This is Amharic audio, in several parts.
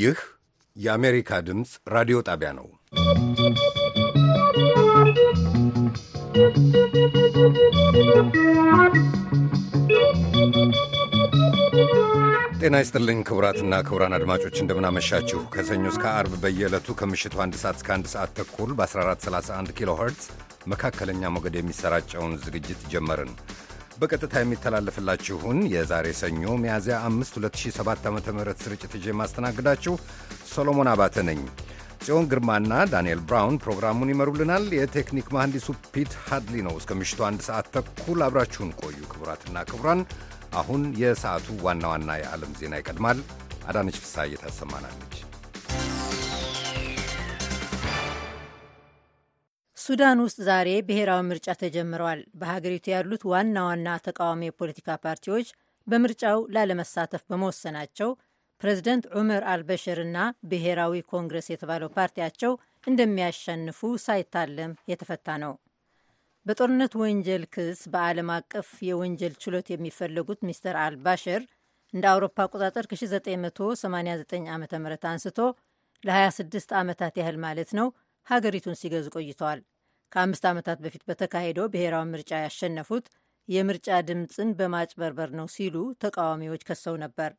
ይህ የአሜሪካ ድምፅ ራዲዮ ጣቢያ ነው። ጤና ይስጥልኝ ክቡራትና ክቡራን አድማጮች እንደምናመሻችሁ። ከሰኞ እስከ አርብ በየዕለቱ ከምሽቱ አንድ ሰዓት እስከ አንድ ሰዓት ተኩል በ1431 ኪሎ ኸርትዝ መካከለኛ ሞገድ የሚሰራጨውን ዝግጅት ጀመርን። በቀጥታ የሚተላለፍላችሁን የዛሬ ሰኞ ሚያዝያ 5 2007 ዓ ም ስርጭት ይዤ የማስተናግዳችሁ ሶሎሞን አባተ ነኝ። ጽዮን ግርማና ዳንኤል ብራውን ፕሮግራሙን ይመሩልናል። የቴክኒክ መሐንዲሱ ፒት ሃድሊ ነው። እስከ ምሽቱ አንድ ሰዓት ተኩል አብራችሁን ቆዩ። ክቡራትና ክቡራን፣ አሁን የሰዓቱ ዋና ዋና የዓለም ዜና ይቀድማል። አዳነች ፍስሐ ታሰማናለች። ሱዳን ውስጥ ዛሬ ብሔራዊ ምርጫ ተጀምረዋል። በሀገሪቱ ያሉት ዋና ዋና ተቃዋሚ የፖለቲካ ፓርቲዎች በምርጫው ላለመሳተፍ በመወሰናቸው ፕሬዚደንት ዑመር እና ብሔራዊ ኮንግረስ የተባለው ፓርቲያቸው እንደሚያሸንፉ ሳይታለም የተፈታ ነው። በጦርነት ወንጀል ክስ በዓለም አቀፍ የወንጀል ችሎት የሚፈለጉት ሚስተር አልባሽር እንደ አውሮፓ አቆጣጠር ከ1989 ዓ ም አንስቶ ለ26 ዓመታት ያህል ማለት ነው ሀገሪቱን ሲገዙ ቆይተዋል። ከአምስት ዓመታት በፊት በተካሄደው ብሔራዊ ምርጫ ያሸነፉት የምርጫ ድምፅን በማጭበርበር ነው ሲሉ ተቃዋሚዎች ከሰው ነበር።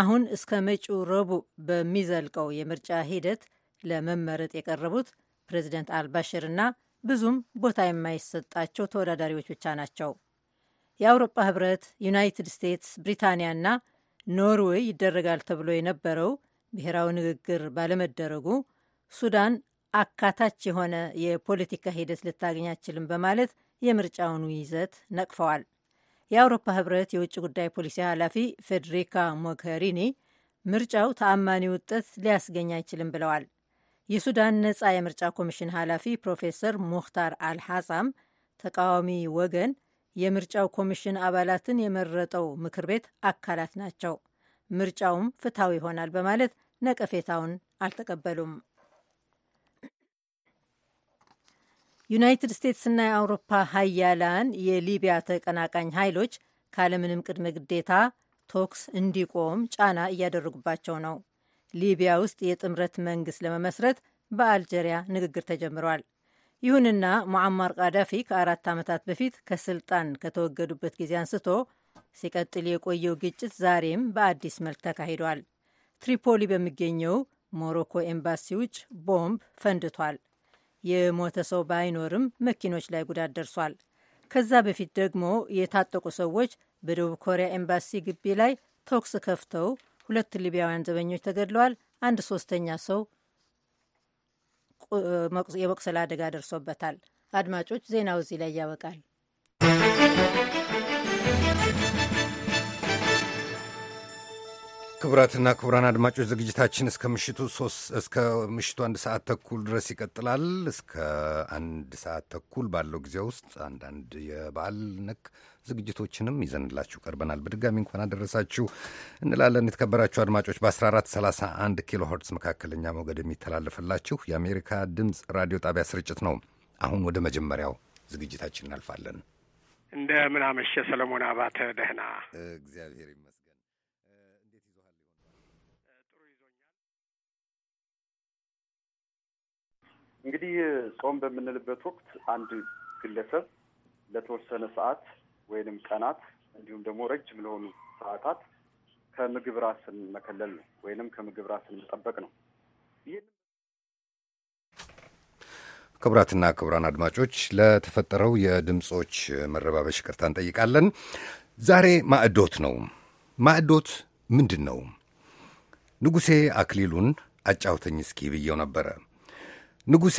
አሁን እስከ መጪው ረቡዕ በሚዘልቀው የምርጫ ሂደት ለመመረጥ የቀረቡት ፕሬዚደንት አልባሽር እና ብዙም ቦታ የማይሰጣቸው ተወዳዳሪዎች ብቻ ናቸው። የአውሮፓ ህብረት፣ ዩናይትድ ስቴትስ፣ ብሪታንያ እና ኖርዌይ ይደረጋል ተብሎ የነበረው ብሔራዊ ንግግር ባለመደረጉ ሱዳን አካታች የሆነ የፖለቲካ ሂደት ልታገኝ አትችልም በማለት የምርጫውን ይዘት ነቅፈዋል። የአውሮፓ ህብረት የውጭ ጉዳይ ፖሊሲ ኃላፊ ፌዴሪካ ሞገሪኒ ምርጫው ተአማኒ ውጤት ሊያስገኝ አይችልም ብለዋል። የሱዳን ነጻ የምርጫ ኮሚሽን ኃላፊ ፕሮፌሰር ሙክታር አልሐሳም ተቃዋሚ ወገን የምርጫው ኮሚሽን አባላትን የመረጠው ምክር ቤት አካላት ናቸው፣ ምርጫውም ፍትሐዊ ይሆናል በማለት ነቀፌታውን አልተቀበሉም። ዩናይትድ ስቴትስና የአውሮፓ ሀያላን የሊቢያ ተቀናቃኝ ኃይሎች ካለምንም ቅድመ ግዴታ ቶክስ እንዲቆም ጫና እያደረጉባቸው ነው። ሊቢያ ውስጥ የጥምረት መንግስት ለመመስረት በአልጀሪያ ንግግር ተጀምሯል። ይሁንና ሙዓማር ቃዳፊ ከአራት ዓመታት በፊት ከስልጣን ከተወገዱበት ጊዜ አንስቶ ሲቀጥል የቆየው ግጭት ዛሬም በአዲስ መልክ ተካሂዷል። ትሪፖሊ በሚገኘው ሞሮኮ ኤምባሲ ውጭ ቦምብ ፈንድቷል። የሞተ ሰው ባይኖርም መኪኖች ላይ ጉዳት ደርሷል። ከዛ በፊት ደግሞ የታጠቁ ሰዎች በደቡብ ኮሪያ ኤምባሲ ግቢ ላይ ተኩስ ከፍተው ሁለት ሊቢያውያን ዘበኞች ተገድለዋል። አንድ ሶስተኛ ሰው የመቁሰል አደጋ ደርሶበታል። አድማጮች ዜናው እዚህ ላይ ያበቃል። ክቡራትና ክቡራን አድማጮች ዝግጅታችን እስከ ምሽቱ እስከ ምሽቱ አንድ ሰዓት ተኩል ድረስ ይቀጥላል። እስከ አንድ ሰዓት ተኩል ባለው ጊዜ ውስጥ አንዳንድ የበዓል ነክ ዝግጅቶችንም ይዘንላችሁ ቀርበናል። በድጋሚ እንኳን አደረሳችሁ እንላለን። የተከበራችሁ አድማጮች በ1431 ኪሎ ሄርትስ መካከለኛ ሞገድ የሚተላለፍላችሁ የአሜሪካ ድምፅ ራዲዮ ጣቢያ ስርጭት ነው። አሁን ወደ መጀመሪያው ዝግጅታችን እናልፋለን። እንደምን አመሸ ሰለሞን አባተ። ደህና እግዚአብሔር ይመስገን። እንግዲህ ጾም በምንልበት ወቅት አንድ ግለሰብ ለተወሰነ ሰዓት ወይንም ቀናት እንዲሁም ደግሞ ረጅም ለሆኑ ሰዓታት ከምግብ ራስን መከለል ነው ወይንም ከምግብ ራስን መጠበቅ ነው። ክቡራትና ክቡራን አድማጮች ለተፈጠረው የድምፆች መረባበሽ ይቅርታ እንጠይቃለን። ዛሬ ማዕዶት ነው። ማዕዶት ምንድን ነው? ንጉሴ አክሊሉን አጫውተኝ እስኪ ብየው ነበረ። ንጉሴ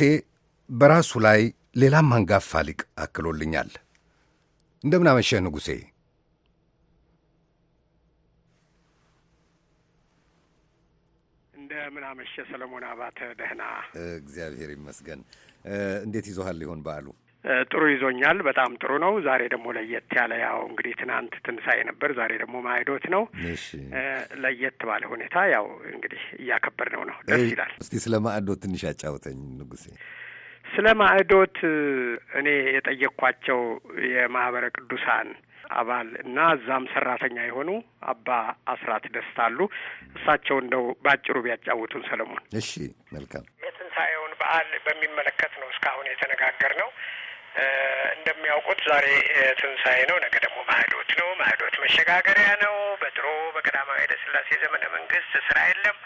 በራሱ ላይ ሌላም አንጋፋ ሊቅ አክሎልኛል። እንደምናመሸህ ንጉሴ። እንደምናመሸህ ሰለሞን አባተ። ደህና እግዚአብሔር ይመስገን። እንዴት ይዞሃል ሊሆን በዓሉ? ጥሩ ይዞኛል። በጣም ጥሩ ነው። ዛሬ ደግሞ ለየት ያለ ያው እንግዲህ ትናንት ትንሳኤ ነበር፣ ዛሬ ደግሞ ማዕዶት ነው። ለየት ባለ ሁኔታ ያው እንግዲህ እያከበር ነው። ደስ ይላል። እስቲ ስለ ማዕዶት ትንሽ አጫውተኝ ንጉሴ። ስለ ማዕዶት እኔ የጠየቅኳቸው የማህበረ ቅዱሳን አባል እና እዛም ሰራተኛ የሆኑ አባ አስራት ደስታ አሉ። እሳቸው እንደው ባጭሩ ቢያጫውቱን ሰለሞን። እሺ መልካም። የትንሣኤውን በዓል በሚመለከት ነው እስካሁን የተነጋገር ነው። እንደሚያውቁት ዛሬ ትንሣኤ ነው፣ ነገ ደግሞ ማህዶት ነው። ማህዶት መሸጋገሪያ ነው። በድሮ በቀዳማዊ ኃይለሥላሴ ዘመነ መንግስት ስራ የለም።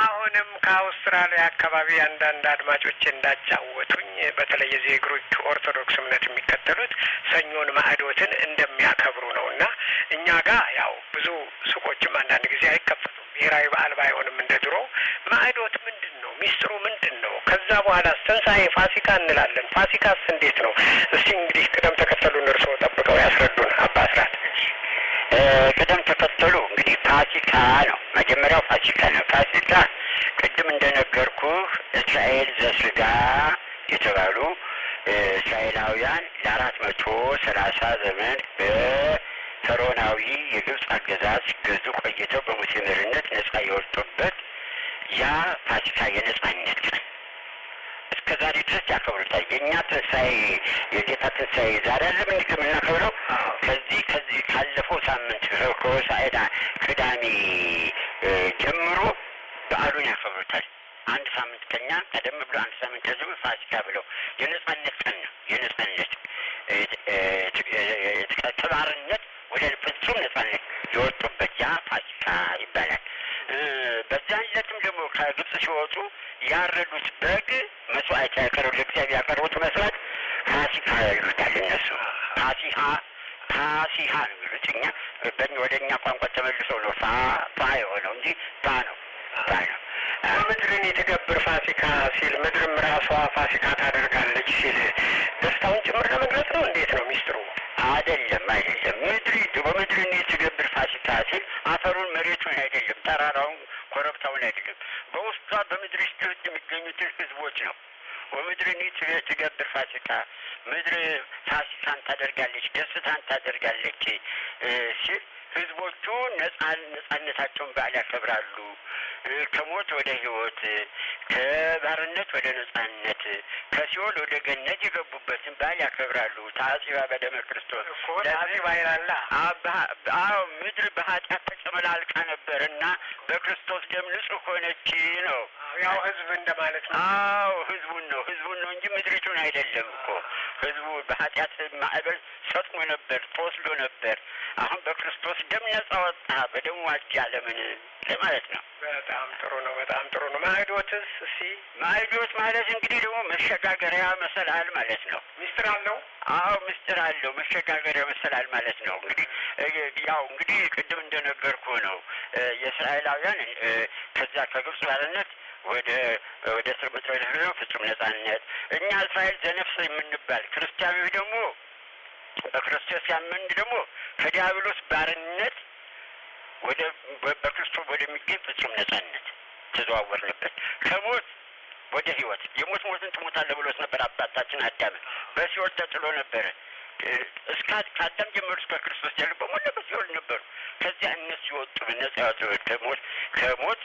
አሁንም ከአውስትራሊያ አካባቢ አንዳንድ አድማጮች እንዳጫወቱኝ በተለይ የዚህ ኦርቶዶክስ እምነት የሚከተሉት ሰኞን ማህዶትን እንደሚያከብሩ ነው እና እኛ ጋር ያው ብዙ ሱቆችም አንዳንድ ጊዜ አይከፈቱም። ብሔራዊ በዓል ባይሆንም እንደ ድሮ ማህዶት ምንድን ነው ሚስጥሩ? ምን ከዛ በኋላ ትንሣኤ ፋሲካ እንላለን። ፋሲካስ እንዴት ነው? እስቲ እንግዲህ ቅደም ተከተሉን እርስዎ ጠብቀው ያስረዱን አባ አስራት። ቅደም ተከተሉ እንግዲህ ፋሲካ ነው። መጀመሪያው ፋሲካ ነው። ፋሲካ ቅድም እንደነገርኩ እስራኤል ዘስጋ የተባሉ እስራኤላውያን ለአራት መቶ ሰላሳ ዘመን በፈሮናዊ የግብፅ አገዛዝ ሲገዙ ቆይተው በሙሴ መሪነት ነጻ የወጡበት ያ ፋሲካ የነጻነት ክርስቶስ ያከብሩታል። የእኛ ትንሳኤ የጌታ ትንሳኤ ዛሬ አለም እንዲ ከምናከብረው ከዚህ ከዚህ ካለፈው ሳምንት ከወሳኤዳ ቅዳሜ ጀምሮ በዓሉን ያከብሩታል። አንድ ሳምንት ከኛ ቀደም ብሎ አንድ ሳምንት ከዚህ ፋሲካ ብለው የነጻነት ቀን ነው። የነጻነት ከባርነት ወደ ፍጹም ነጻነት የወጡበት ያ ፋሲካ ይባላል። በዛን ዕለትም ደግሞ ከግብጽ ሲወጡ ያረዱት በግ ተከሩ ለእግዚአብሔር ያቀርቡት መስራት ፋሲካ ይሉታል እነሱ ፋሲካ ፋሲካ ነው የሚሉት። እኛ በእኛ ወደ እኛ ቋንቋ ተመልሰው ነው ፋ ፋ የሆነው እንጂ ፋ ነው ምድርን የተገብር ፋሲካ ሲል ምድርም ራሷ ፋሲካ ታደርጋለች ሲል ደስታውን ጭምር ለመግለጽ ነው። እንዴት ነው ሚስጥሩ? አይደለም አይደለም ይላሉ። ታሲባ በደመ ክርስቶስ ለዚህ ባይላላ አዎ ምድር በኃጢአት ተጨመላልቃ ነበር እና በክርስቶስ ደም ንጹህ ሆነች ነው። ያው ህዝብ እንደማለት ነው። አዎ ህዝቡን ነው ህዝቡን ነው እንጂ ምድሪቱን አይደለም እኮ ህዝቡ በኃጢአት ማዕበል ሰጥሞ ነበር፣ ተወስዶ ነበር። አሁን በክርስቶስ ደም ነጻ ወጣ፣ በደሙ አዳለምን ለማለት ነው። በጣም ጥሩ ነው። በጣም ጥሩ ማዕዶትስ? እስቲ ማዕዶት ማለት እንግዲህ ደግሞ መሸጋገሪያ መሰላል ማለት ነው። ምስጢር አለው። አዎ ምስጢር አለው። መሸጋገሪያ መሰላል ማለት ነው። እንግዲህ ያው እንግዲህ ቅድም እንደነገርኩ ነው የእስራኤላውያን ከዛ ከግብፅ ባርነት ወደ ወደ እስር ምድረ ነው ፍጹም ነጻነት። እኛ እስራኤል ዘነፍስ የምንባል ክርስቲያኖች ደግሞ በክርስቶስ ያመን ደግሞ ከዲያብሎስ ባርነት ወደ በክርስቶስ ወደሚገኝ ፍጹም ነጻነት ተዘዋወር ነበር ከሞት ወደ ህይወት የሞት ሞትን ትሞታለህ ብሎት ነበር አባታችን አዳም። በሲኦል ተጥሎ ነበረ። እስከ ከአዳም ጀምሮ እስከ ክርስቶስ ያሉ በሞላ በሲኦል ነበሩ። ከዚያ እነሱ ሲወጡ ነጻ ያወጡ ከሞት ከሞት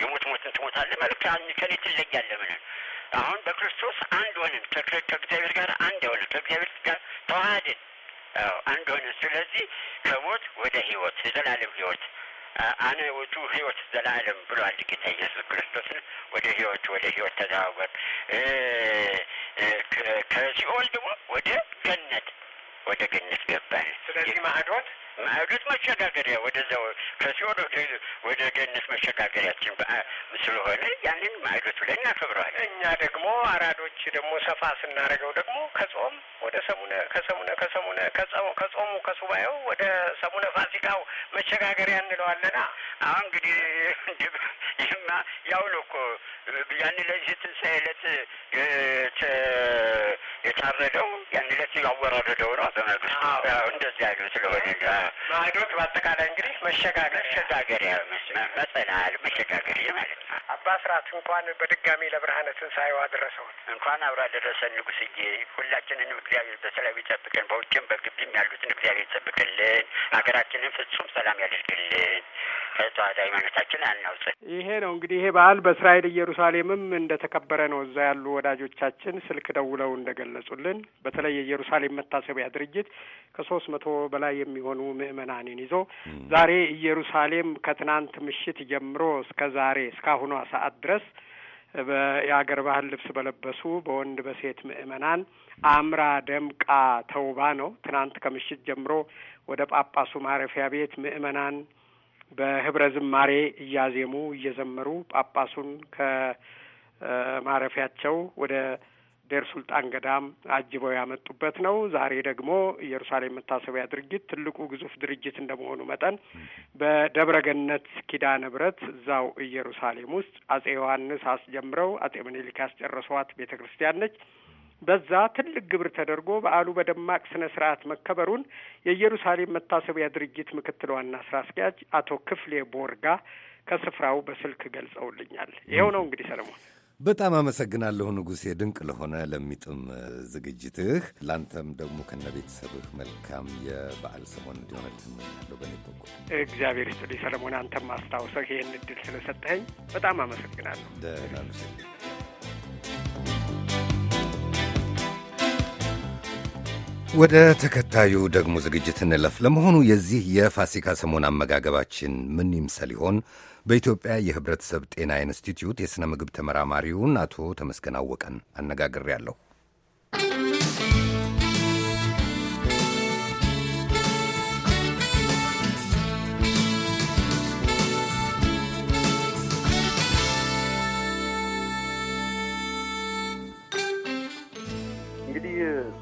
የሞት ሞትን ትሞታለህ ማለት ከኔ ትለያለህ ምናምን። አሁን በክርስቶስ አንድ ሆንን፣ ከእግዚአብሔር ጋር አንድ ሆነን ከእግዚአብሔር ጋር ተዋህደን አንድ ሆነን ስለዚህ ከሞት ወደ ህይወት የዘላለም ህይወት አነ ውጡ ህይወት ዘላለም ብሎ አንድ ጌታ ኢየሱስ ክርስቶስን ወደ ህይወት ወደ ህይወት ተዘዋወር ከሲኦል ደግሞ ወደ ገነት ወደ ገነት ገባል። ስለዚህ ማህዶት ማዕዶት መሸጋገሪያ ወደዛው ከሲኦል ወደ ገነት መሸጋገሪያችን ስለሆነ ያንን ማዕዶቱ ላይ እናከብረዋል። እኛ ደግሞ አራዶች ደግሞ ሰፋ ስናደርገው ደግሞ ከጾም ወደ ሰሙነ ከሰሙነ ከሰሙነ ከጾሙ ከሱባኤው ወደ ሰሙነ ፋሲካው መሸጋገሪያ እንለዋለና አሁን እንግዲህ ይህማ ያው ነው እኮ ያን ለዚህ ትንሣኤ ዕለት የታረደው ያን ዕለት ያወራረደው ነው። ዘመዱስ እንደዚህ ነው። ስለሆነ ማዕዶት በአጠቃላይ እንግዲህ መሸጋገር መሸጋገሪያ መጸናል መሸጋገሪያ ማለት ነው። አባ ስርዓት እንኳን በድጋሚ ለብርሃነ ትንሣኤው አደረሰዎት። እንኳን አብሮ አደረሰን ንጉሥዬ። ሁላችንንም እግዚአብሔር በሰላም ይጠብቀን። በውጭም በግቢም ያሉትን እግዚአብሔር ይጠብቅልን። ሀገራችንን ፍጹም ሰላም ያደርግልን። ከጠዋት ሃይማኖታችን አናውጽን። ይሄ ነው እንግዲህ ይሄ በዓል በእስራኤል ኢየሩሳሌምም እንደተከበረ ነው እዛ ያሉ ወዳጆቻችን ስልክ ደውለው እንደገለጹልን። በተለይ የኢየሩሳሌም መታሰቢያ ድርጅት ከሶስት መቶ በላይ የሚሆኑ ምዕመናንን ይዞ ዛሬ ኢየሩሳሌም ከትናንት ምሽት ጀምሮ እስከ ዛሬ እስካሁኗ ሰዓት ድረስ የአገር ባህል ልብስ በለበሱ በወንድ በሴት ምዕመናን አምራ ደምቃ ተውባ ነው። ትናንት ከምሽት ጀምሮ ወደ ጳጳሱ ማረፊያ ቤት ምእመናን በህብረ ዝማሬ እያዜሙ እየዘመሩ ጳጳሱን ከማረፊያቸው ወደ ዴር ሱልጣን ገዳም አጅበው ያመጡበት ነው። ዛሬ ደግሞ ኢየሩሳሌም መታሰቢያ ድርጅት ትልቁ ግዙፍ ድርጅት እንደመሆኑ መጠን በደብረ ገነት ኪዳነ ምሕረት እዛው ኢየሩሳሌም ውስጥ አጼ ዮሐንስ አስጀምረው አጼ ምኒልክ ያስጨረሷት ቤተ ክርስቲያን ነች። በዛ ትልቅ ግብር ተደርጎ በዓሉ በደማቅ ስነ ስርዓት መከበሩን የኢየሩሳሌም መታሰቢያ ድርጅት ምክትል ዋና ስራ አስኪያጅ አቶ ክፍሌ ቦርጋ ከስፍራው በስልክ ገልጸውልኛል። ይኸው ነው እንግዲህ ሰለሞን። በጣም አመሰግናለሁ ንጉሴ፣ ድንቅ ለሆነ ለሚጥም ዝግጅትህ። ላንተም ደግሞ ከነ ቤተሰብህ መልካም የበዓል ሰሞን እንዲሆነልህ እመኛለሁ። በኔ በኩል እግዚአብሔር ይስጥልኝ ሰለሞን፣ አንተም አስታውሰህ ይህን እድል ስለሰጠኸኝ በጣም አመሰግናለሁ። ደህና ወደ ተከታዩ ደግሞ ዝግጅት እንለፍ። ለመሆኑ የዚህ የፋሲካ ሰሞን አመጋገባችን ምን ይምሰል ይሆን? በኢትዮጵያ የሕብረተሰብ ጤና ኢንስቲትዩት የሥነ ምግብ ተመራማሪውን አቶ ተመስገን አወቀን አነጋግሬያለሁ።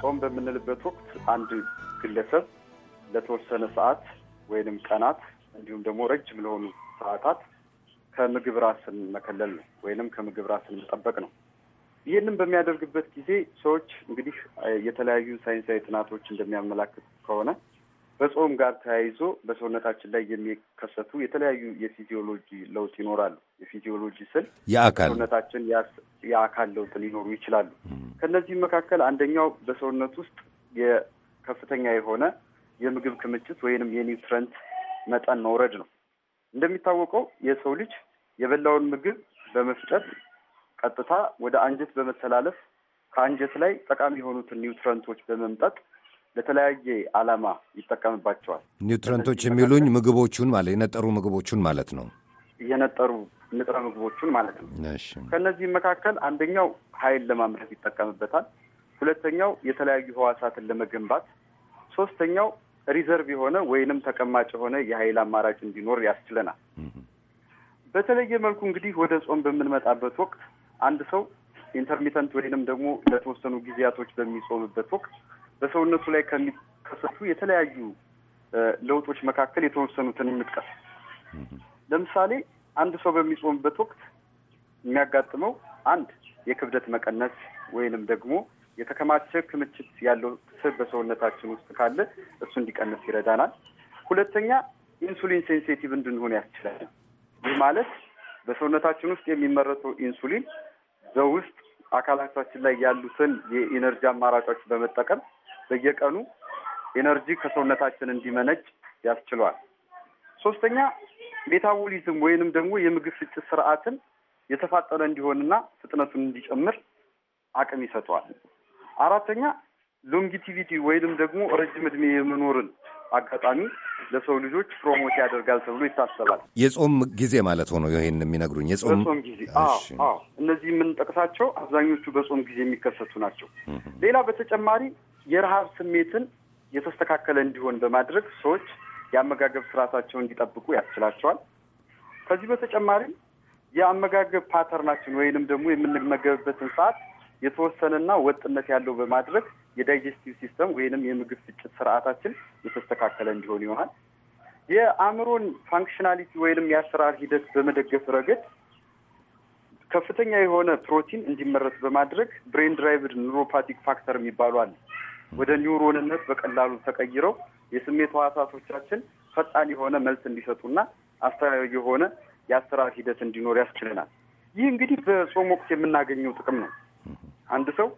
ጾም በምንልበት ወቅት አንድ ግለሰብ ለተወሰነ ሰዓት ወይንም ቀናት እንዲሁም ደግሞ ረጅም ለሆኑ ሰዓታት ከምግብ ራስን መከለል ነው ወይንም ከምግብ ራስን መጠበቅ ነው። ይህንም በሚያደርግበት ጊዜ ሰዎች እንግዲህ የተለያዩ ሳይንሳዊ ጥናቶች እንደሚያመላክት ከሆነ በጾም ጋር ተያይዞ በሰውነታችን ላይ የሚከሰቱ የተለያዩ የፊዚዮሎጂ ለውጥ ይኖራሉ። የፊዚዮሎጂ ስል ሰውነታችን የአካል ለውጥ ሊኖሩ ይችላሉ። ከእነዚህም መካከል አንደኛው በሰውነት ውስጥ የከፍተኛ የሆነ የምግብ ክምችት ወይንም የኒውትረንት መጠን መውረድ ነው። እንደሚታወቀው የሰው ልጅ የበላውን ምግብ በመፍጨት ቀጥታ ወደ አንጀት በመተላለፍ ከአንጀት ላይ ጠቃሚ የሆኑትን ኒውትረንቶች በመምጠጥ ለተለያየ ዓላማ ይጠቀምባቸዋል። ኒውትረንቶች የሚሉኝ ምግቦቹን ማለት የነጠሩ ምግቦቹን ማለት ነው። የነጠሩ ንጥረ ምግቦቹን ማለት ነው። ከእነዚህ መካከል አንደኛው ኃይል ለማምረት ይጠቀምበታል። ሁለተኛው የተለያዩ ህዋሳትን ለመገንባት፣ ሶስተኛው ሪዘርቭ የሆነ ወይንም ተቀማጭ የሆነ የኃይል አማራጭ እንዲኖር ያስችለናል። በተለየ መልኩ እንግዲህ ወደ ጾም በምንመጣበት ወቅት አንድ ሰው ኢንተርሚተንት ወይንም ደግሞ ለተወሰኑ ጊዜያቶች በሚጾምበት ወቅት በሰውነቱ ላይ ከሚከሰቱ የተለያዩ ለውጦች መካከል የተወሰኑትን የምጥቀስ ለምሳሌ አንድ ሰው በሚጾምበት ወቅት የሚያጋጥመው አንድ የክብደት መቀነስ ወይንም ደግሞ የተከማቸ ክምችት ያለው ስብ በሰውነታችን ውስጥ ካለ እሱ እንዲቀንስ ይረዳናል። ሁለተኛ ኢንሱሊን ሴንሴቲቭ እንድንሆን ያስችላል። ይህ ማለት በሰውነታችን ውስጥ የሚመረተው ኢንሱሊን በውስጥ አካላታችን ላይ ያሉትን የኢነርጂ አማራጮች በመጠቀም በየቀኑ ኢነርጂ ከሰውነታችን እንዲመነጭ ያስችሏል። ሶስተኛ ሜታቦሊዝም ወይንም ደግሞ የምግብ ፍጭት ስርዓትን የተፋጠነ እንዲሆንና ፍጥነቱን እንዲጨምር አቅም ይሰጠዋል። አራተኛ ሎንጊቲቪቲ ወይንም ደግሞ ረጅም እድሜ የመኖርን አጋጣሚ ለሰው ልጆች ፕሮሞት ያደርጋል ተብሎ ይታሰባል። የጾም ጊዜ ማለት ሆኖ ይህን የሚነግሩኝ የጾም ጊዜ እነዚህ የምንጠቅሳቸው አብዛኞቹ በጾም ጊዜ የሚከሰቱ ናቸው። ሌላ በተጨማሪ የረሃብ ስሜትን የተስተካከለ እንዲሆን በማድረግ ሰዎች የአመጋገብ ስርዓታቸውን እንዲጠብቁ ያስችላቸዋል። ከዚህ በተጨማሪ የአመጋገብ ፓተርናችን ወይንም ደግሞ የምንመገብበትን ሰዓት የተወሰነና ወጥነት ያለው በማድረግ የዳይጀስቲቭ ሲስተም ወይንም የምግብ ፍጭት ስርዓታችን የተስተካከለ እንዲሆን ይሆናል። የአእምሮን ፋንክሽናሊቲ ወይንም የአሰራር ሂደት በመደገፍ ረገድ ከፍተኛ የሆነ ፕሮቲን እንዲመረት በማድረግ ብሬን ድራይቭድ ኒውሮፓቲክ ፋክተር የሚባሉ አለ። ወደ ኒውሮንነት በቀላሉ ተቀይረው የስሜት ህዋሳቶቻችን ፈጣን የሆነ መልስ እንዲሰጡና አስተያየው የሆነ የአሰራር ሂደት እንዲኖር ያስችለናል። ይህ እንግዲህ በጾም ወቅት የምናገኘው ጥቅም ነው። አንድ ሰው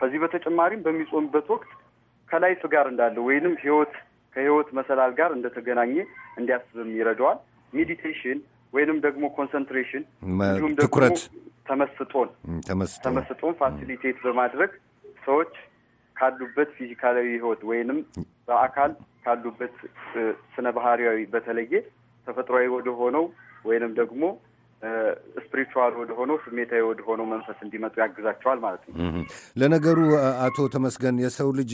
ከዚህ በተጨማሪም በሚጾምበት ወቅት ከላይፍ ጋር እንዳለ ወይንም ህይወት ከህይወት መሰላል ጋር እንደተገናኘ እንዲያስብም ይረዳዋል። ሜዲቴሽን ወይንም ደግሞ ኮንሰንትሬሽን እንዲሁም ትኩረት ተመስጦን ተመስጦን ፋሲሊቴት በማድረግ ሰዎች ካሉበት ፊዚካላዊ ህይወት ወይንም በአካል ካሉበት ስነ ባህሪያዊ በተለየ ተፈጥሯዊ ወደ ሆነው ወይንም ደግሞ ስፕሪቹዋል ወደ ሆነው ስሜታዊ ወደ ሆነው መንፈስ እንዲመጡ ያግዛቸዋል ማለት ነው። ለነገሩ አቶ ተመስገን የሰው ልጅ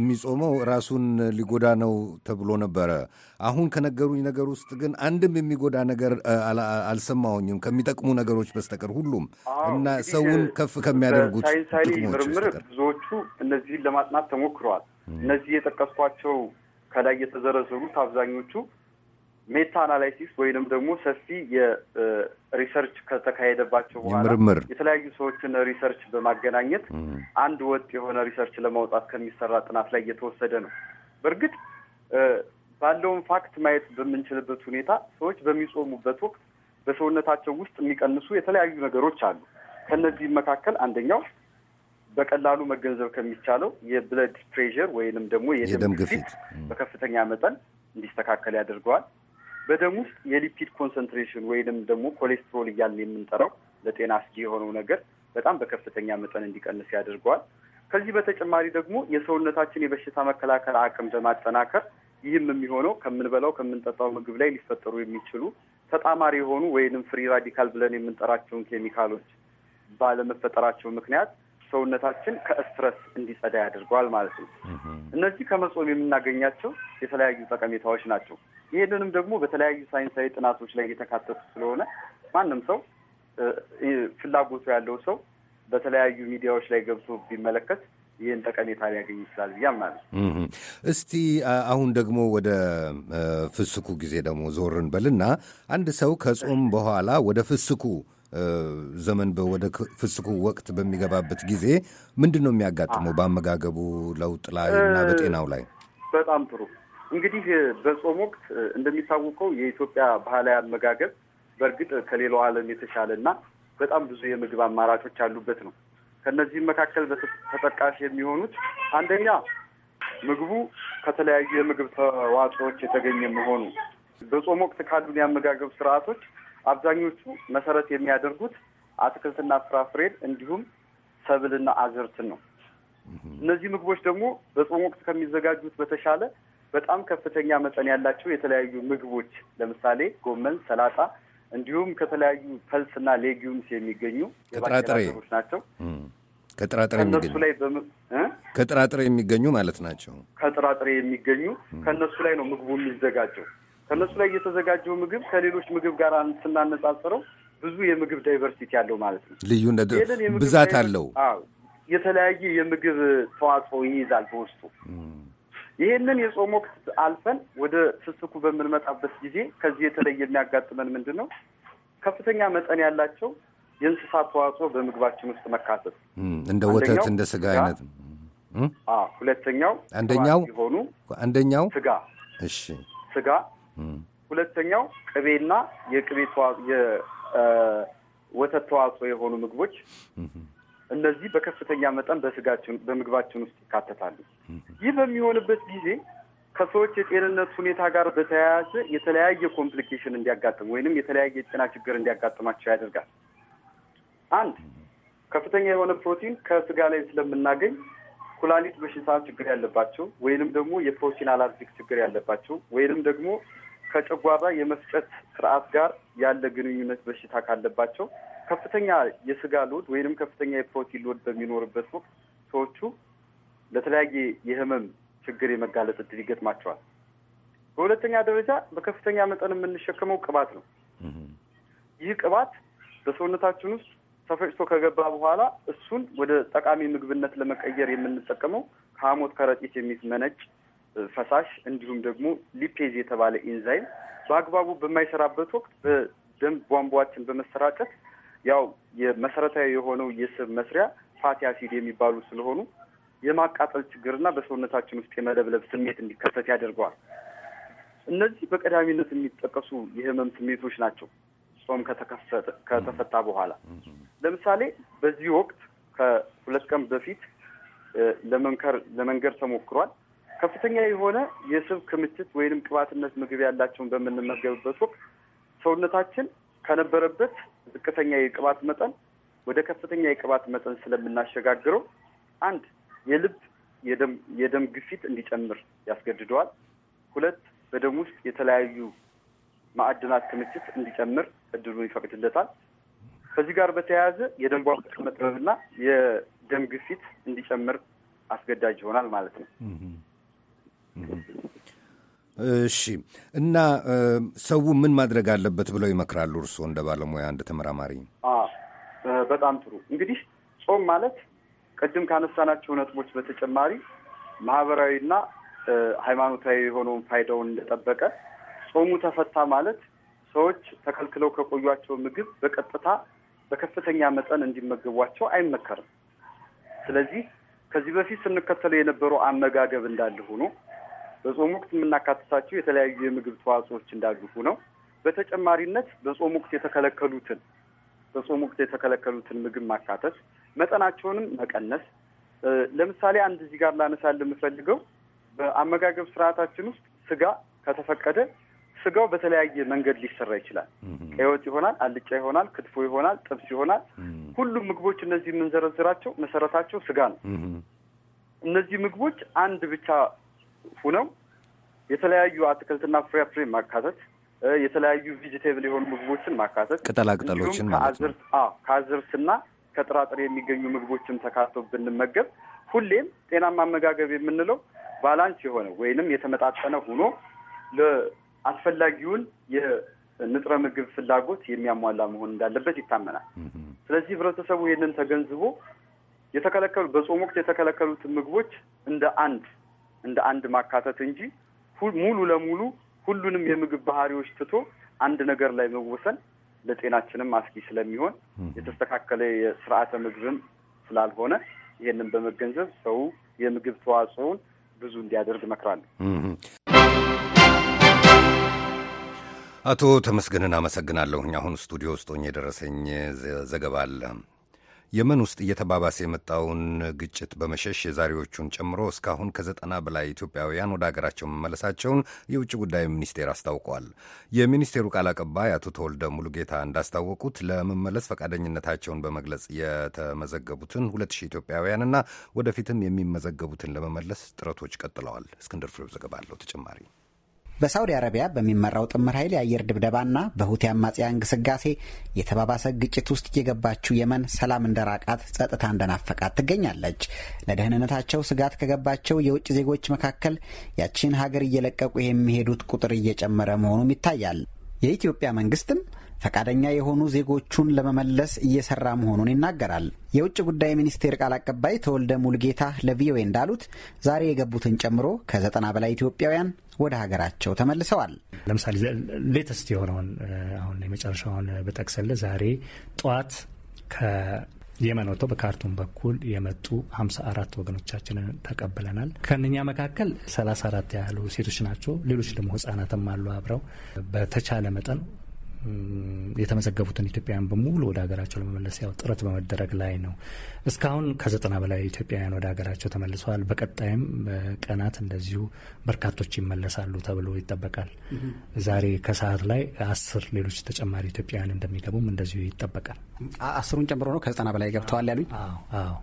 የሚጾመው ራሱን ሊጎዳ ነው ተብሎ ነበረ። አሁን ከነገሩኝ ነገር ውስጥ ግን አንድም የሚጎዳ ነገር አልሰማሁኝም ከሚጠቅሙ ነገሮች በስተቀር ሁሉም እና ሰውን ከፍ ከሚያደርጉት ሳይንሳዊ ምርምር ብዙዎቹ እነዚህን ለማጥናት ተሞክረዋል። እነዚህ የጠቀስኳቸው ከላይ የተዘረዘሩት አብዛኞቹ ሜታ አናላይሲስ ወይንም ደግሞ ሰፊ የሪሰርች ከተካሄደባቸው በኋላ የተለያዩ ሰዎችን ሪሰርች በማገናኘት አንድ ወጥ የሆነ ሪሰርች ለማውጣት ከሚሰራ ጥናት ላይ እየተወሰደ ነው። በእርግጥ ባለውን ፋክት ማየት በምንችልበት ሁኔታ ሰዎች በሚጾሙበት ወቅት በሰውነታቸው ውስጥ የሚቀንሱ የተለያዩ ነገሮች አሉ። ከእነዚህም መካከል አንደኛው በቀላሉ መገንዘብ ከሚቻለው የብለድ ፕሬሽር ወይንም ደግሞ የደም ግፊት በከፍተኛ መጠን እንዲስተካከል ያደርገዋል። በደም ውስጥ የሊፒድ ኮንሰንትሬሽን ወይንም ደግሞ ኮሌስትሮል እያልን የምንጠራው ለጤና አስጊ የሆነው ነገር በጣም በከፍተኛ መጠን እንዲቀንስ ያደርገዋል። ከዚህ በተጨማሪ ደግሞ የሰውነታችን የበሽታ መከላከል አቅም በማጠናከር ይህም የሚሆነው ከምንበላው ከምንጠጣው ምግብ ላይ ሊፈጠሩ የሚችሉ ተጣማሪ የሆኑ ወይንም ፍሪ ራዲካል ብለን የምንጠራቸውን ኬሚካሎች ባለመፈጠራቸው ምክንያት ሰውነታችን ከስትረስ እንዲጸዳ ያደርገዋል ማለት ነው። እነዚህ ከመጾም የምናገኛቸው የተለያዩ ጠቀሜታዎች ናቸው። ይህንንም ደግሞ በተለያዩ ሳይንሳዊ ጥናቶች ላይ የተካተቱ ስለሆነ ማንም ሰው ፍላጎቱ ያለው ሰው በተለያዩ ሚዲያዎች ላይ ገብቶ ቢመለከት ይህን ጠቀሜታ ሊያገኝ ይችላል ብዬ አምናለሁ። እስቲ አሁን ደግሞ ወደ ፍስኩ ጊዜ ደግሞ ዞርን በልና አንድ ሰው ከጾም በኋላ ወደ ፍስኩ ዘመን ወደ ፍስኩ ወቅት በሚገባበት ጊዜ ምንድን ነው የሚያጋጥመው በአመጋገቡ ለውጥ ላይ እና በጤናው ላይ? በጣም ጥሩ። እንግዲህ በጾም ወቅት እንደሚታወቀው የኢትዮጵያ ባህላዊ አመጋገብ በእርግጥ ከሌላው ዓለም የተሻለ እና በጣም ብዙ የምግብ አማራጮች ያሉበት ነው። ከእነዚህም መካከል ተጠቃሽ የሚሆኑት አንደኛ ምግቡ ከተለያዩ የምግብ ተዋጽኦዎች የተገኘ መሆኑ። በጾም ወቅት ካሉን የአመጋገብ ስርዓቶች አብዛኞቹ መሰረት የሚያደርጉት አትክልትና ፍራፍሬን እንዲሁም ሰብልና አዝርትን ነው። እነዚህ ምግቦች ደግሞ በጾም ወቅት ከሚዘጋጁት በተሻለ በጣም ከፍተኛ መጠን ያላቸው የተለያዩ ምግቦች ለምሳሌ ጎመን፣ ሰላጣ እንዲሁም ከተለያዩ ፐልስና ሌጊዩምስ የሚገኙ ከጥራጥሬ ናቸው። ከጥራጥሬ የሚገኙ ከጥራጥሬ የሚገኙ ማለት ናቸው። ከጥራጥሬ የሚገኙ ከእነሱ ላይ ነው ምግቡ የሚዘጋጀው። ከነሱ ላይ የተዘጋጀው ምግብ ከሌሎች ምግብ ጋር ስናነጻጽረው ብዙ የምግብ ዳይቨርሲቲ አለው ማለት ነው። ልዩነት ብዛት አለው። የተለያየ የምግብ ተዋጽኦ ይይዛል በውስጡ። ይሄንን የጾም ወቅት አልፈን ወደ ፍስኩ በምንመጣበት ጊዜ ከዚህ የተለየ የሚያጋጥመን ምንድን ነው? ከፍተኛ መጠን ያላቸው የእንስሳት ተዋጽኦ በምግባችን ውስጥ መካተት እንደ ወተት፣ እንደ ስጋ አይነት። ሁለተኛው አንደኛው የሆኑ አንደኛው ስጋ እሺ፣ ስጋ ሁለተኛው ቅቤና የቅቤ የወተት ተዋጽኦ የሆኑ ምግቦች እነዚህ በከፍተኛ መጠን በስጋችን በምግባችን ውስጥ ይካተታሉ። ይህ በሚሆንበት ጊዜ ከሰዎች የጤንነት ሁኔታ ጋር በተያያዘ የተለያየ ኮምፕሊኬሽን እንዲያጋጥም ወይንም የተለያየ የጤና ችግር እንዲያጋጥማቸው ያደርጋል። አንድ ከፍተኛ የሆነ ፕሮቲን ከስጋ ላይ ስለምናገኝ ኩላሊት በሽታ ችግር ያለባቸው ወይንም ደግሞ የፕሮቲን አላርጂክ ችግር ያለባቸው ወይንም ደግሞ ከጨጓራ የመፍጨት ስርዓት ጋር ያለ ግንኙነት በሽታ ካለባቸው ከፍተኛ የስጋ ሎድ ወይንም ከፍተኛ የፕሮቲን ሎድ በሚኖርበት ወቅት ሰዎቹ ለተለያየ የህመም ችግር የመጋለጥ እድል ይገጥማቸዋል። በሁለተኛ ደረጃ በከፍተኛ መጠን የምንሸከመው ቅባት ነው። ይህ ቅባት በሰውነታችን ውስጥ ተፈጭቶ ከገባ በኋላ እሱን ወደ ጠቃሚ ምግብነት ለመቀየር የምንጠቀመው ከሐሞት ከረጢት የሚመነጭ ፈሳሽ እንዲሁም ደግሞ ሊፔዝ የተባለ ኢንዛይም በአግባቡ በማይሰራበት ወቅት በደም ቧንቧችን በመሰራጨት ያው የመሰረታዊ የሆነው የስብ መስሪያ ፋቲ አሲድ የሚባሉ ስለሆኑ የማቃጠል ችግርና በሰውነታችን ውስጥ የመለብለብ ስሜት እንዲከሰት ያደርገዋል። እነዚህ በቀዳሚነት የሚጠቀሱ የህመም ስሜቶች ናቸው። ጾም ከተፈታ በኋላ ለምሳሌ በዚህ ወቅት ከሁለት ቀን በፊት ለመንከር ለመንገድ ተሞክሯል። ከፍተኛ የሆነ የስብ ክምችት ወይንም ቅባትነት ምግብ ያላቸውን በምንመገብበት ወቅት ሰውነታችን ከነበረበት ዝቅተኛ የቅባት መጠን ወደ ከፍተኛ የቅባት መጠን ስለምናሸጋግረው አንድ የልብ የደም ግፊት እንዲጨምር ያስገድደዋል። ሁለት በደም ውስጥ የተለያዩ ማዕድናት ክምችት እንዲጨምር እድሉን ይፈቅድለታል። ከዚህ ጋር በተያያዘ የደም ቧንቧ መጥበብና የደም ግፊት እንዲጨምር አስገዳጅ ይሆናል ማለት ነው። እሺ። እና ሰው ምን ማድረግ አለበት ብለው ይመክራሉ? እርስዎ እንደ ባለሙያ እንደ ተመራማሪ። በጣም ጥሩ። እንግዲህ ጾም ማለት ቅድም ካነሳናቸው ነጥቦች በተጨማሪ ማህበራዊና ሃይማኖታዊ የሆነውን ፋይዳውን እንደጠበቀ ጾሙ ተፈታ ማለት ሰዎች ተከልክለው ከቆዩቸው ምግብ በቀጥታ በከፍተኛ መጠን እንዲመገቧቸው አይመከርም። ስለዚህ ከዚህ በፊት ስንከተለው የነበረው አመጋገብ እንዳለ ሆኖ በጾም ወቅት የምናካትታቸው የተለያዩ የምግብ ተዋጽኦች እንዳሉ ነው። በተጨማሪነት በጾም ወቅት የተከለከሉትን በጾም ወቅት የተከለከሉትን ምግብ ማካተት፣ መጠናቸውንም መቀነስ። ለምሳሌ አንድ እዚህ ጋር ላነሳል የምፈልገው በአመጋገብ ስርዓታችን ውስጥ ስጋ ከተፈቀደ ስጋው በተለያየ መንገድ ሊሰራ ይችላል። ቀይ ወጥ ይሆናል፣ አልጫ ይሆናል፣ ክትፎ ይሆናል፣ ጥብስ ይሆናል። ሁሉም ምግቦች እነዚህ የምንዘረዝራቸው መሰረታቸው ስጋ ነው። እነዚህ ምግቦች አንድ ብቻ ሁነው የተለያዩ አትክልትና ፍራፍሬ ማካተት የተለያዩ ቪጂቴብል የሆኑ ምግቦችን ማካተት ቅጠላቅጠሎችን ማለት ነው። ከአዝርትና ከጥራጥሬ የሚገኙ ምግቦችን ተካቶ ብንመገብ ሁሌም ጤናማ አመጋገብ የምንለው ባላንስ የሆነ ወይንም የተመጣጠነ ሆኖ ለአስፈላጊውን የንጥረ ምግብ ፍላጎት የሚያሟላ መሆን እንዳለበት ይታመናል። ስለዚህ ህብረተሰቡ ይህንን ተገንዝቦ የተከለከሉ በጾም ወቅት የተከለከሉትን ምግቦች እንደ አንድ እንደ አንድ ማካተት እንጂ ሙሉ ለሙሉ ሁሉንም የምግብ ባህሪዎች ትቶ አንድ ነገር ላይ መወሰን ለጤናችንም አስጊ ስለሚሆን የተስተካከለ የስርዓተ ምግብም ስላልሆነ ይህንን በመገንዘብ ሰው የምግብ ተዋጽኦውን ብዙ እንዲያደርግ እመክራለሁ። አቶ ተመስገንን አመሰግናለሁኝ። አሁን ስቱዲዮ ውስጥ ሆኜ የደረሰኝ ዘገባ አለ። የመን ውስጥ እየተባባሰ የመጣውን ግጭት በመሸሽ የዛሬዎቹን ጨምሮ እስካሁን ከዘጠና በላይ ኢትዮጵያውያን ወደ አገራቸው መመለሳቸውን የውጭ ጉዳይ ሚኒስቴር አስታውቋል። የሚኒስቴሩ ቃል አቀባይ አቶ ተወልደ ሙሉጌታ እንዳስታወቁት ለመመለስ ፈቃደኝነታቸውን በመግለጽ የተመዘገቡትን ሁለት ሺህ ኢትዮጵያውያንና ወደፊትም የሚመዘገቡትን ለመመለስ ጥረቶች ቀጥለዋል። እስክንድር ፍሬው ዘገባ አለው ተጨማሪ በሳውዲ አረቢያ በሚመራው ጥምር ኃይል የአየር ድብደባና በሁቲ አማጽያን እንቅስቃሴ የተባባሰ ግጭት ውስጥ የገባችው የመን ሰላም እንደራቃት፣ ጸጥታ እንደናፈቃት ትገኛለች። ለደህንነታቸው ስጋት ከገባቸው የውጭ ዜጎች መካከል ያቺን ሀገር እየለቀቁ የሚሄዱት ቁጥር እየጨመረ መሆኑም ይታያል። የኢትዮጵያ መንግስትም ፈቃደኛ የሆኑ ዜጎቹን ለመመለስ እየሰራ መሆኑን ይናገራል። የውጭ ጉዳይ ሚኒስቴር ቃል አቀባይ ተወልደ ሙልጌታ ለቪኦኤ እንዳሉት ዛሬ የገቡትን ጨምሮ ከዘጠና በላይ ኢትዮጵያውያን ወደ ሀገራቸው ተመልሰዋል። ለምሳሌ ሌተስት የሆነውን አሁን የመጨረሻውን በጠቅሰለ ዛሬ ጠዋት የመን ወጥተው በካርቱም በኩል የመጡ 54 ወገኖቻችንን ተቀብለናል። ከነኛ መካከል 34 ያህሉ ሴቶች ናቸው። ሌሎች ደግሞ ህጻናትም አሉ። አብረው በተቻለ መጠን የተመዘገቡትን ኢትዮጵያውያን በሙሉ ወደ ሀገራቸው ለመመለስ ያው ጥረት በመደረግ ላይ ነው። እስካሁን ከዘጠና በላይ ኢትዮጵያውያን ወደ ሀገራቸው ተመልሰዋል። በቀጣይም ቀናት እንደዚሁ በርካቶች ይመለሳሉ ተብሎ ይጠበቃል። ዛሬ ከሰዓት ላይ አስር ሌሎች ተጨማሪ ኢትዮጵያውያን እንደሚገቡም እንደዚሁ ይጠበቃል። አስሩን ጨምሮ ነው ከዘጠና በላይ ገብተዋል ያሉኝ? አዎ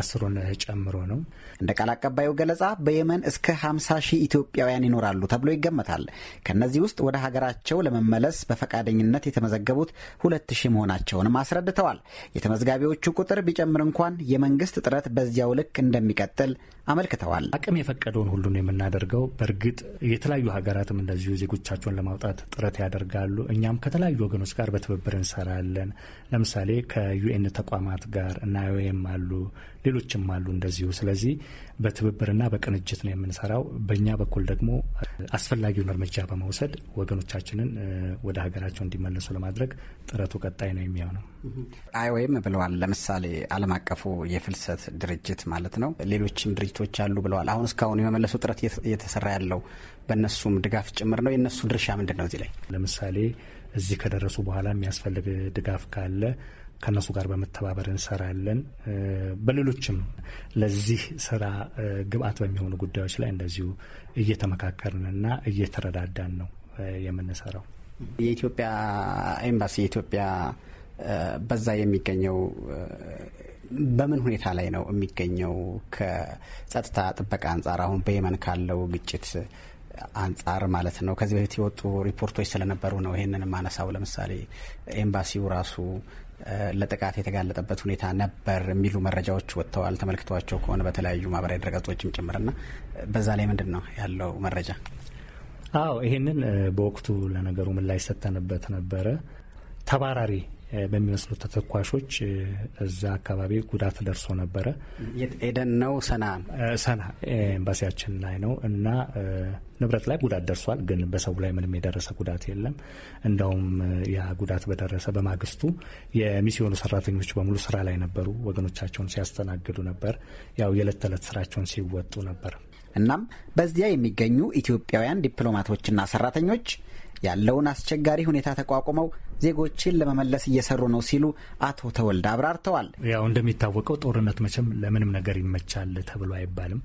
አስሩን ጨምሮ ነው። እንደ ቃል አቀባዩ ገለጻ በየመን እስከ ሀምሳ ሺህ ኢትዮጵያውያን ይኖራሉ ተብሎ ይገመታል። ከእነዚህ ውስጥ ወደ ሀገራቸው ለመመለስ በፈቃደኝነት የተመዘገቡት ሁለት ሺህ መሆናቸውንም አስረድተዋል። የተመዝጋቢዎቹ ቁጥር ቢጨምር እንኳን የመንግስት ጥረት በዚያው ልክ እንደሚቀጥል አመልክተዋል። አቅም የፈቀደውን ሁሉ ነው የምናደርገው። በእርግጥ የተለያዩ ሀገራትም እንደዚሁ ዜጎቻቸውን ለማውጣት ጥረት ያደርጋሉ። እኛም ከተለያዩ ወገኖች ጋር በትብብር እንሰራለን። ለምሳሌ ከዩኤን ተቋማት ጋር እና ዩኤም አሉ ሌሎችም አሉ እንደዚሁ። ስለዚህ በትብብርና በቅንጅት ነው የምንሰራው። በእኛ በኩል ደግሞ አስፈላጊውን እርምጃ በመውሰድ ወገኖቻችንን ወደ ሀገራቸው እንዲመለሱ ለማድረግ ጥረቱ ቀጣይ ነው የሚሆነው። አይ ወይም ብለዋል። ለምሳሌ ዓለም አቀፉ የፍልሰት ድርጅት ማለት ነው። ሌሎችም ድርጅቶች አሉ ብለዋል። አሁን እስካሁን የመመለሱ ጥረት እየተሰራ ያለው በእነሱም ድጋፍ ጭምር ነው። የእነሱ ድርሻ ምንድን ነው እዚህ ላይ? ለምሳሌ እዚህ ከደረሱ በኋላ የሚያስፈልግ ድጋፍ ካለ ከእነሱ ጋር በመተባበር እንሰራለን። በሌሎችም ለዚህ ስራ ግብአት በሚሆኑ ጉዳዮች ላይ እንደዚሁ እየተመካከርንና እየተረዳዳን ነው የምንሰራው። የኢትዮጵያ ኤምባሲ የኢትዮጵያ በዛ የሚገኘው በምን ሁኔታ ላይ ነው የሚገኘው? ከጸጥታ ጥበቃ አንጻር አሁን በየመን ካለው ግጭት አንጻር ማለት ነው። ከዚህ በፊት የወጡ ሪፖርቶች ስለነበሩ ነው ይህንን ማነሳው። ለምሳሌ ኤምባሲው ራሱ ለጥቃት የተጋለጠበት ሁኔታ ነበር የሚሉ መረጃዎች ወጥተዋል። ተመልክቷቸው ከሆነ በተለያዩ ማህበራዊ ድረገጾችም ጭምርና በዛ ላይ ምንድን ነው ያለው መረጃ? አዎ ይህንን በወቅቱ ለነገሩ ምላሽ ሰጠንበት ነበረ። ተባራሪ በሚመስሉ ተተኳሾች እዛ አካባቢ ጉዳት ደርሶ ነበረ። ኤደን ነው ሰና ሰና ኤምባሲያችን ላይ ነው እና ንብረት ላይ ጉዳት ደርሷል፣ ግን በሰው ላይ ምንም የደረሰ ጉዳት የለም። እንደውም ያ ጉዳት በደረሰ በማግስቱ የሚስዮኑ ሰራተኞች በሙሉ ስራ ላይ ነበሩ። ወገኖቻቸውን ሲያስተናግዱ ነበር። ያው የዕለት ተዕለት ስራቸውን ሲወጡ ነበር። እናም በዚያ የሚገኙ ኢትዮጵያውያን ዲፕሎማቶችና ሰራተኞች ያለውን አስቸጋሪ ሁኔታ ተቋቁመው ዜጎችን ለመመለስ እየሰሩ ነው ሲሉ አቶ ተወልደ አብራርተዋል። ያው እንደሚታወቀው ጦርነት መቼም ለምንም ነገር ይመቻል ተብሎ አይባልም።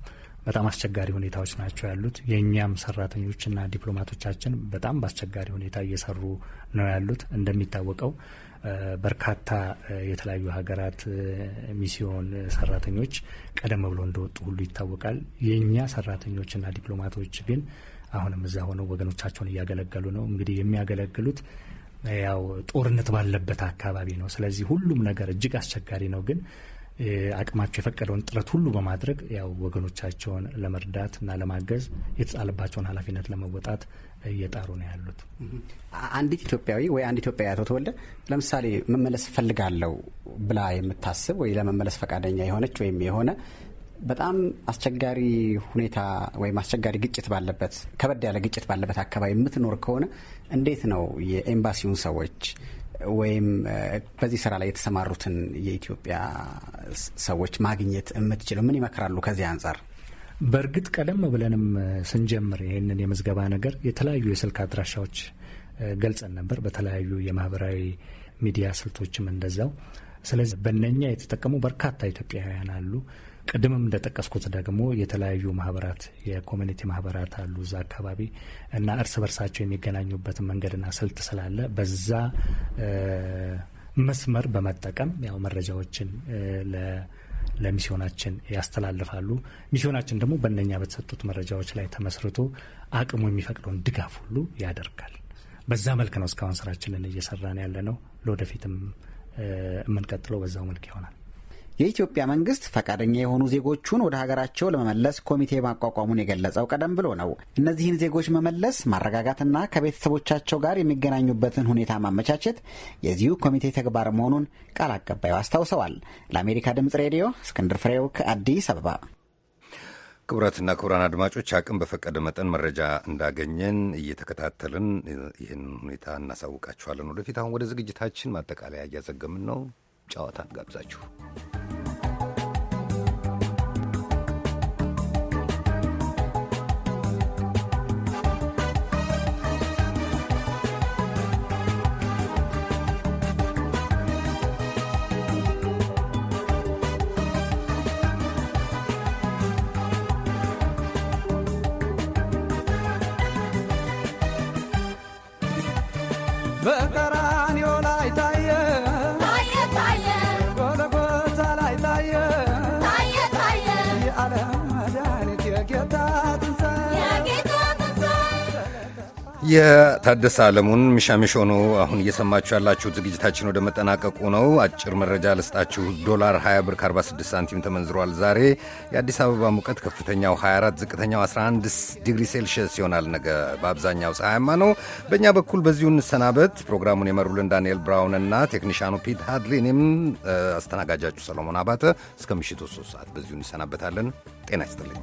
በጣም አስቸጋሪ ሁኔታዎች ናቸው ያሉት። የእኛም ሰራተኞችና ዲፕሎማቶቻችን በጣም በአስቸጋሪ ሁኔታ እየሰሩ ነው ያሉት። እንደሚታወቀው በርካታ የተለያዩ ሀገራት ሚስዮን ሰራተኞች ቀደም ብሎ እንደወጡ ሁሉ ይታወቃል። የእኛ ሰራተኞችና ዲፕሎማቶች ግን አሁንም እዛ ሆነው ወገኖቻቸውን እያገለገሉ ነው። እንግዲህ የሚያገለግሉት ያው ጦርነት ባለበት አካባቢ ነው። ስለዚህ ሁሉም ነገር እጅግ አስቸጋሪ ነው ግን አቅማቸው የፈቀደውን ጥረት ሁሉ በማድረግ ያው ወገኖቻቸውን ለመርዳት እና ለማገዝ የተጣለባቸውን ኃላፊነት ለመወጣት እየጣሩ ነው ያሉት። አንዲት ኢትዮጵያዊ ወይ አንድ ኢትዮጵያዊ አቶ ተወልደ ለምሳሌ መመለስ ፈልጋለው ብላ የምታስብ ወይ ለመመለስ ፈቃደኛ የሆነች ወይም የሆነ በጣም አስቸጋሪ ሁኔታ ወይም አስቸጋሪ ግጭት ባለበት ከበድ ያለ ግጭት ባለበት አካባቢ የምትኖር ከሆነ እንዴት ነው የኤምባሲውን ሰዎች ወይም በዚህ ስራ ላይ የተሰማሩትን የኢትዮጵያ ሰዎች ማግኘት የምትችለው? ምን ይመክራሉ ከዚህ አንጻር? በእርግጥ ቀደም ብለንም ስንጀምር ይህንን የምዝገባ ነገር የተለያዩ የስልክ አድራሻዎች ገልጸን ነበር። በተለያዩ የማህበራዊ ሚዲያ ስልቶችም እንደዛው ስለዚህ በነኛ የተጠቀሙ በርካታ ኢትዮጵያውያን አሉ። ቅድምም እንደጠቀስኩት ደግሞ የተለያዩ ማህበራት የኮሚኒቲ ማህበራት አሉ እዛ አካባቢ እና እርስ በርሳቸው የሚገናኙበት መንገድና ስልት ስላለ በዛ መስመር በመጠቀም ያው መረጃዎችን ለሚስዮናችን ያስተላልፋሉ። ሚስዮናችን ደግሞ በነኛ በተሰጡት መረጃዎች ላይ ተመስርቶ አቅሙ የሚፈቅደውን ድጋፍ ሁሉ ያደርጋል። በዛ መልክ ነው እስካሁን ስራችንን እየሰራን ያለ ነው። ለወደፊትም የምንቀጥለው በዛው መልክ ይሆናል። የኢትዮጵያ መንግስት ፈቃደኛ የሆኑ ዜጎቹን ወደ ሀገራቸው ለመመለስ ኮሚቴ ማቋቋሙን የገለጸው ቀደም ብሎ ነው። እነዚህን ዜጎች መመለስ፣ ማረጋጋትና ከቤተሰቦቻቸው ጋር የሚገናኙበትን ሁኔታ ማመቻቸት የዚሁ ኮሚቴ ተግባር መሆኑን ቃል አቀባዩ አስታውሰዋል። ለአሜሪካ ድምጽ ሬዲዮ እስክንድር ፍሬው ከአዲስ አበባ ክቡራትና ክቡራን አድማጮች አቅም በፈቀደ መጠን መረጃ እንዳገኘን እየተከታተልን ይህን ሁኔታ እናሳውቃችኋለን። ወደፊት አሁን ወደ ዝግጅታችን ማጠቃለያ እያዘገምን ነው። ጨዋታን ጋብዛችሁ የታደሰ ዓለሙን ምሻምሽ ሆኖ አሁን እየሰማችሁ ያላችሁት። ዝግጅታችን ወደ መጠናቀቁ ነው። አጭር መረጃ ልስጣችሁ። ዶላር 20 ብር 46 ሳንቲም ተመንዝሯል። ዛሬ የአዲስ አበባ ሙቀት ከፍተኛው 24፣ ዝቅተኛው 11 ዲግሪ ሴልሽየስ ይሆናል። ነገ በአብዛኛው ፀሐያማ ነው። በእኛ በኩል በዚሁ እንሰናበት። ፕሮግራሙን የመሩልን ዳንኤል ብራውን እና ቴክኒሻኑ ፒት ሃድሊ፣ እኔም አስተናጋጃችሁ ሰሎሞን አባተ እስከ ምሽቱ 3 ሰዓት በዚሁ እንሰናበታለን። ጤና ይስጥልኝ።